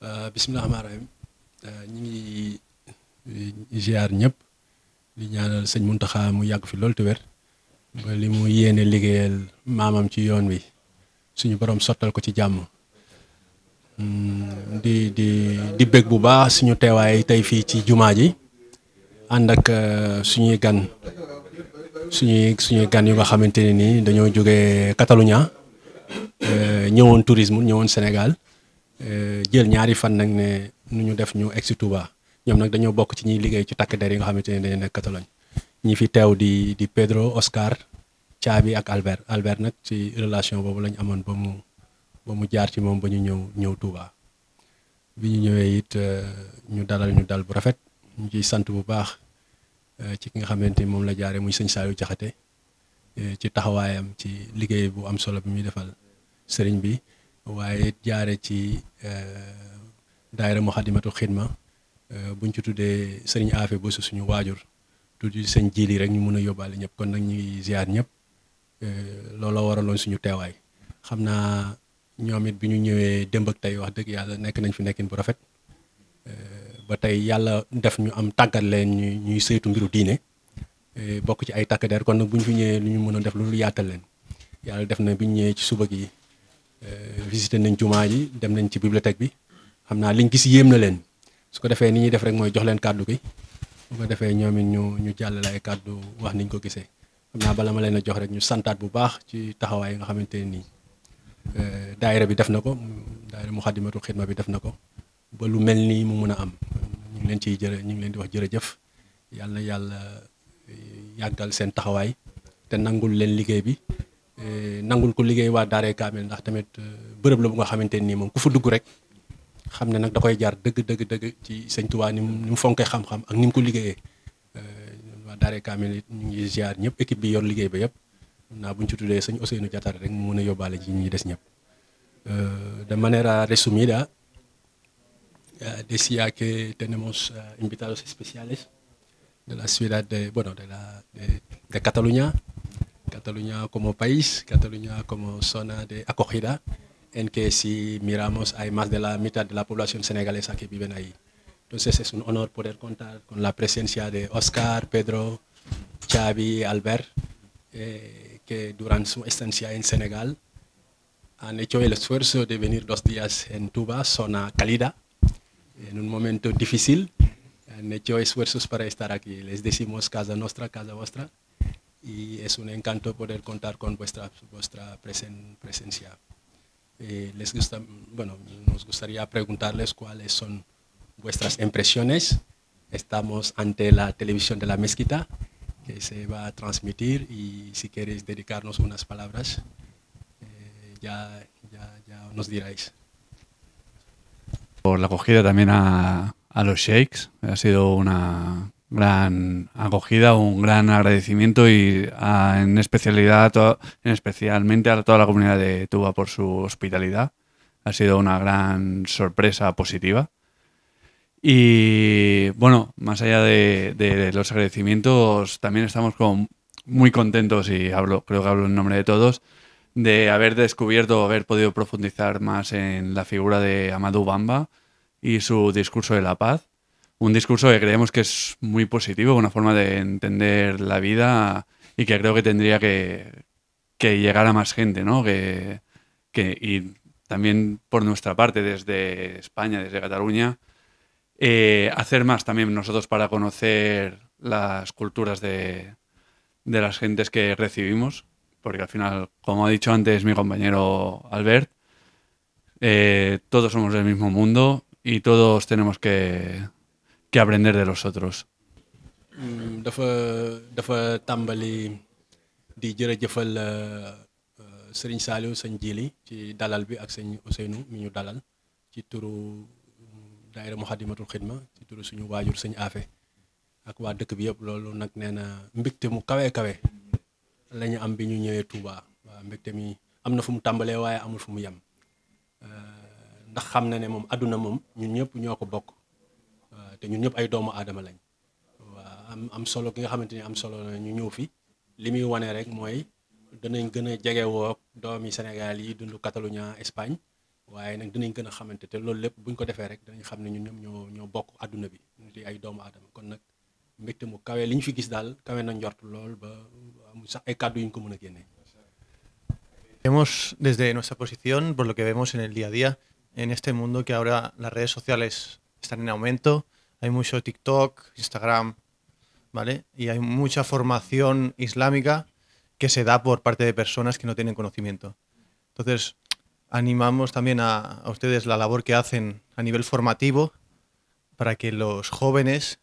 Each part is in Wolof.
Euh, bisimilah rahmaani rahiim euh, ñu ngi euh, ziar ñëpp di ñaanal sëñ Muntaxa mu yàgg fi loolu te wér li mu yéene liggéeyal maamam ci yoon wi suñu borom sottal ko ci jàmm hmm, di di di bég bu baax suñu teewaay tey fii ci jumaa ji ànd ak suñuy gan suñuy suñuy gan yu nga xamante ne ni dañoo jógee Catalunya ñëwoon tourisme ñëwoon Sénégal. Euh, jël ñaari fan nag ne nu ñu def ñu egg si Touba ñoom nag dañoo bokk ci ñiy liggéey ci takk der yi nga xamante ne dañu nekk Catalogne ñi fi teew di di Pedro Oscar Xavi ak Albert Albert nag ci relation boobu lañ amoon ba mu ba mu jaar ci moom ba ñu ñëw ñëw Touba bi ñu ñëwee it euh, ñu dalal ñu dal bu rafet ñu ciy sant bu baax euh, ci ki nga xamante ni moom la jaaree muy sëñ Saliou Diakhaté ci taxawaayam ci liggéey bu am solo bi muy defal sëriñ bi. waaye jaare ci eh, daayira Muxaddamatul Xidma eh, buñ ci tuddee sëriñ Afe Bousso suñu waajur tuddi sëñ jiili rek ñu mën a yóbbaale ñëpp kon nag ñuy ngi ziar ñëpp eh, looloo waraloon suñu teewaay xam naa ñoom it bi ñu ñëwee démb tey wax dëgg yàlla nekk nañ fi nekkin bu rafet ba tey yàlla def ñu am tàggat leen ñu ñuy saytu mbiru diine bokk ci ay takk der kon nag bu ñu fi ñëwee lu ñu mën a def lu yaatal leen yàlla def na bi ñu ñëwee ci suba gi Euh, visité nañ jumaa yi dem nañ ci bibliothèque bi xam naa liñ gis yéem na leen su ko defee ni ñuy def rek mooy jox leen kàddu gi su ko defee ñoom it ñu ñu jàllale ay kàddu wax niñ ko gisee xam naa bala ma leen a jox rek ñu santaat bu baax ci taxawaay yi nga xamante ne nii euh, daayira bi def na ko daayira Muxaddamatul Xidma bi def na ko ba lu mel nii mu mën a am ñu leen ciy jërë ñu ngi leen di wax jërëjëf yàlla na yàlla yàggal seen taxawaay te nangul leen liggéey bi Eh, nangul ko liggéey waa Daaray Kaamil ndax tamit eh, bërëb la bu nga xamante nii moom ku fa dugg rek xam ne nag da koy jaar dëgg dëgg dëgg ci sëñ Tuubaa ni mu fonkee xam-xam ak ni mu ko liggéeyee eh, waa Daaray Kaamil it ñu ngi ziar ñëpp équipe bi yor liggéey ba yëpp naa buñ ci tuddee sëñ Ousseynou Diattara rek mu mën a yóbbaale ci ñi des ñëpp de maniera resumida decía que de la ciudad de bueno de la de, de Cataluña Cataluña como país, Cataluña como zona de acogida, en que si miramos hay más de la mitad de la población senegalesa que viven ahí. Entonces un honor poder contar con la presencia de Oscar, Pedro, Xavi Albert, eh, que durante su estancia en Senegal han hecho el esfuerzo de venir dos días en Tuba, zona cálida, en un momento difícil. Han hecho esfuerzos para estar aquí. Les decimos casa nuestra, casa vuestra. y es un encanto poder contar con vuestra, vuestra eh, nos gustaría preguntarles cuáles son vuestras impresiones. Estamos ante la televisión de la mezquita que se va a transmitir y si queréis dedicarnos unas palabras, eh, ya, nos diráis. Por la acogida también a, los sheiks, ha sido una gran acogida, un gran agradecimiento y en especialidad a especialmente a toda la comunidad de Tuba por su hospitalidad. Ha sido una gran sorpresa positiva. Y bueno, más allá de, los agradecimientos, también estamos muy contentos y hablo, creo que hablo en nombre de todos de haber descubierto, haber podido profundizar más en la figura de Amadou Bamba y su discurso de la paz un discurso que creemos que es muy positivo, una forma de entender la vida y que creo que tendría que, llegar a más gente, y también por nuestra parte, desde España, desde Cataluña, eh, hacer más también nosotros para conocer las culturas de, las gentes que recibimos, porque al final, como ha dicho antes mi compañero Albert, eh, todos somos del mismo mundo y todos tenemos que que aprender de los otros. Mm, dafa dafa tàmbali di jërëjëfal euh, euh, sëriñ Saliou sëñ Jili ci dalal bi ak sëñ Ousseynou mi ñu dalal ci turu mm, daayira Muxaddamatul Xidma ci turu suñu waajur sëñ Afe ak waa dëkk bi yëpp loolu nag nee na mbégte mu kawe kawe lañu am bi ñu ñëwee Touba waa mbégte mi am na fu mu tàmbalee waaye amul fu mu yem euh, ndax xam na ne moom àdduna moom ñun ñëpp ñoo ko bokk. te ñun ñëpp ay doomu aadama lañ waa am am solo ki nga xamante ni am solo na ñu ñëw fi li muy wane rek mooy danañ gën a jegewoo doomi Sénégal yi dund Catalunya Espagne waaye nag dinañ gën a xamante te loolu lépp buñ ko defee rek danañ xam ne ñun ñoom ñoo ñoo bokk àdduna bi di ay doomu aadama kon nag mbégte mu kawe li ñu fi gis daal kawe na njort lool ba amul sax ay kàddu yu ñu ko mën a génnee. Vemos desde nuestra posición, por lo que vemos en el día a día, en este mundo que ahora las redes sociales hay mucho TikTok, Instagram, Y hay mucha formación islámica que se da por parte de personas que no tienen conocimiento. Entonces, animamos también a, ustedes la labor que hacen a nivel formativo para que los jóvenes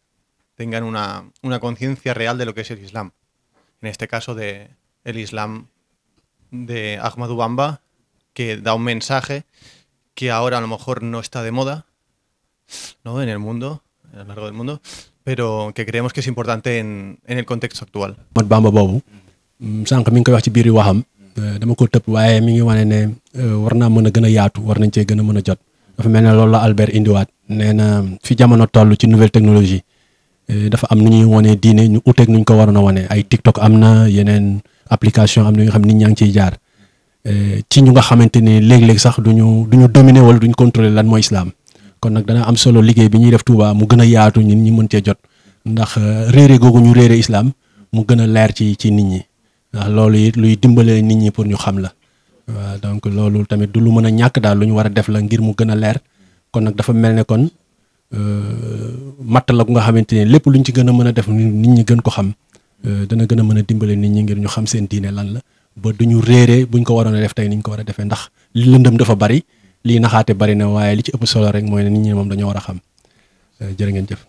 tengan una, conciencia real de lo que es el Islam. En este caso, de Islam de Ahmadu Bamba, que da un mensaje que ahora a lo mejor no está de moda ¿no? en el mundo, a lo largo del mundo, pero que creemos que es importante en, boobu mm, sànq mi ngi koy wax ci biir waxam eh, dama ko tëb waaye mi ngi wane ne eh, war naa mën a gën a yaatu war nañ cee gën a mën a jot dafa mel ne loolu la Albert indiwaat nee na fi jamono toll ci nouvelle technologie eh, dafa am nu ñuy wonee diine ñu uteeg nuñ ko waroon a wone ay TikTok am na yeneen application am na yoo xam nit ñaa ngi ciy jaar ci ñu nga xamante ni léeg-léeg sax du ñu du ñu dominer wala du ñu contrôler lan mooy islam kon nag dana am solo liggéey bi ñuy def Touba mu gën a yaatu ñun ñi mën cee jot ndax euh, réere googu ñu réere islaam mu gën a leer ci ci nit ñi ndax loolu it luy dimbalee nit ñi pour ñu xam la waaw donc loolu tamit du lu mën a ñàkk daal lu ñu war a def la ngir mu gën a leer kon nag dafa mel ne kon euh, matt la nga xamante ne lépp ñu ci gën a mën a def nit ñi gën ko xam euh, dana gën a mën a dimbale nit ñi ngir ñu xam seen diine lan la ba du duñu réere buñ ko waroon a def tey niñ ko war a defee ndax li lëndëm dafa bari lii naxaate bari na waaye li ci ëpp solo rek mooy ne nit ñi moom dañoo war a xam jërë ngeen jëf.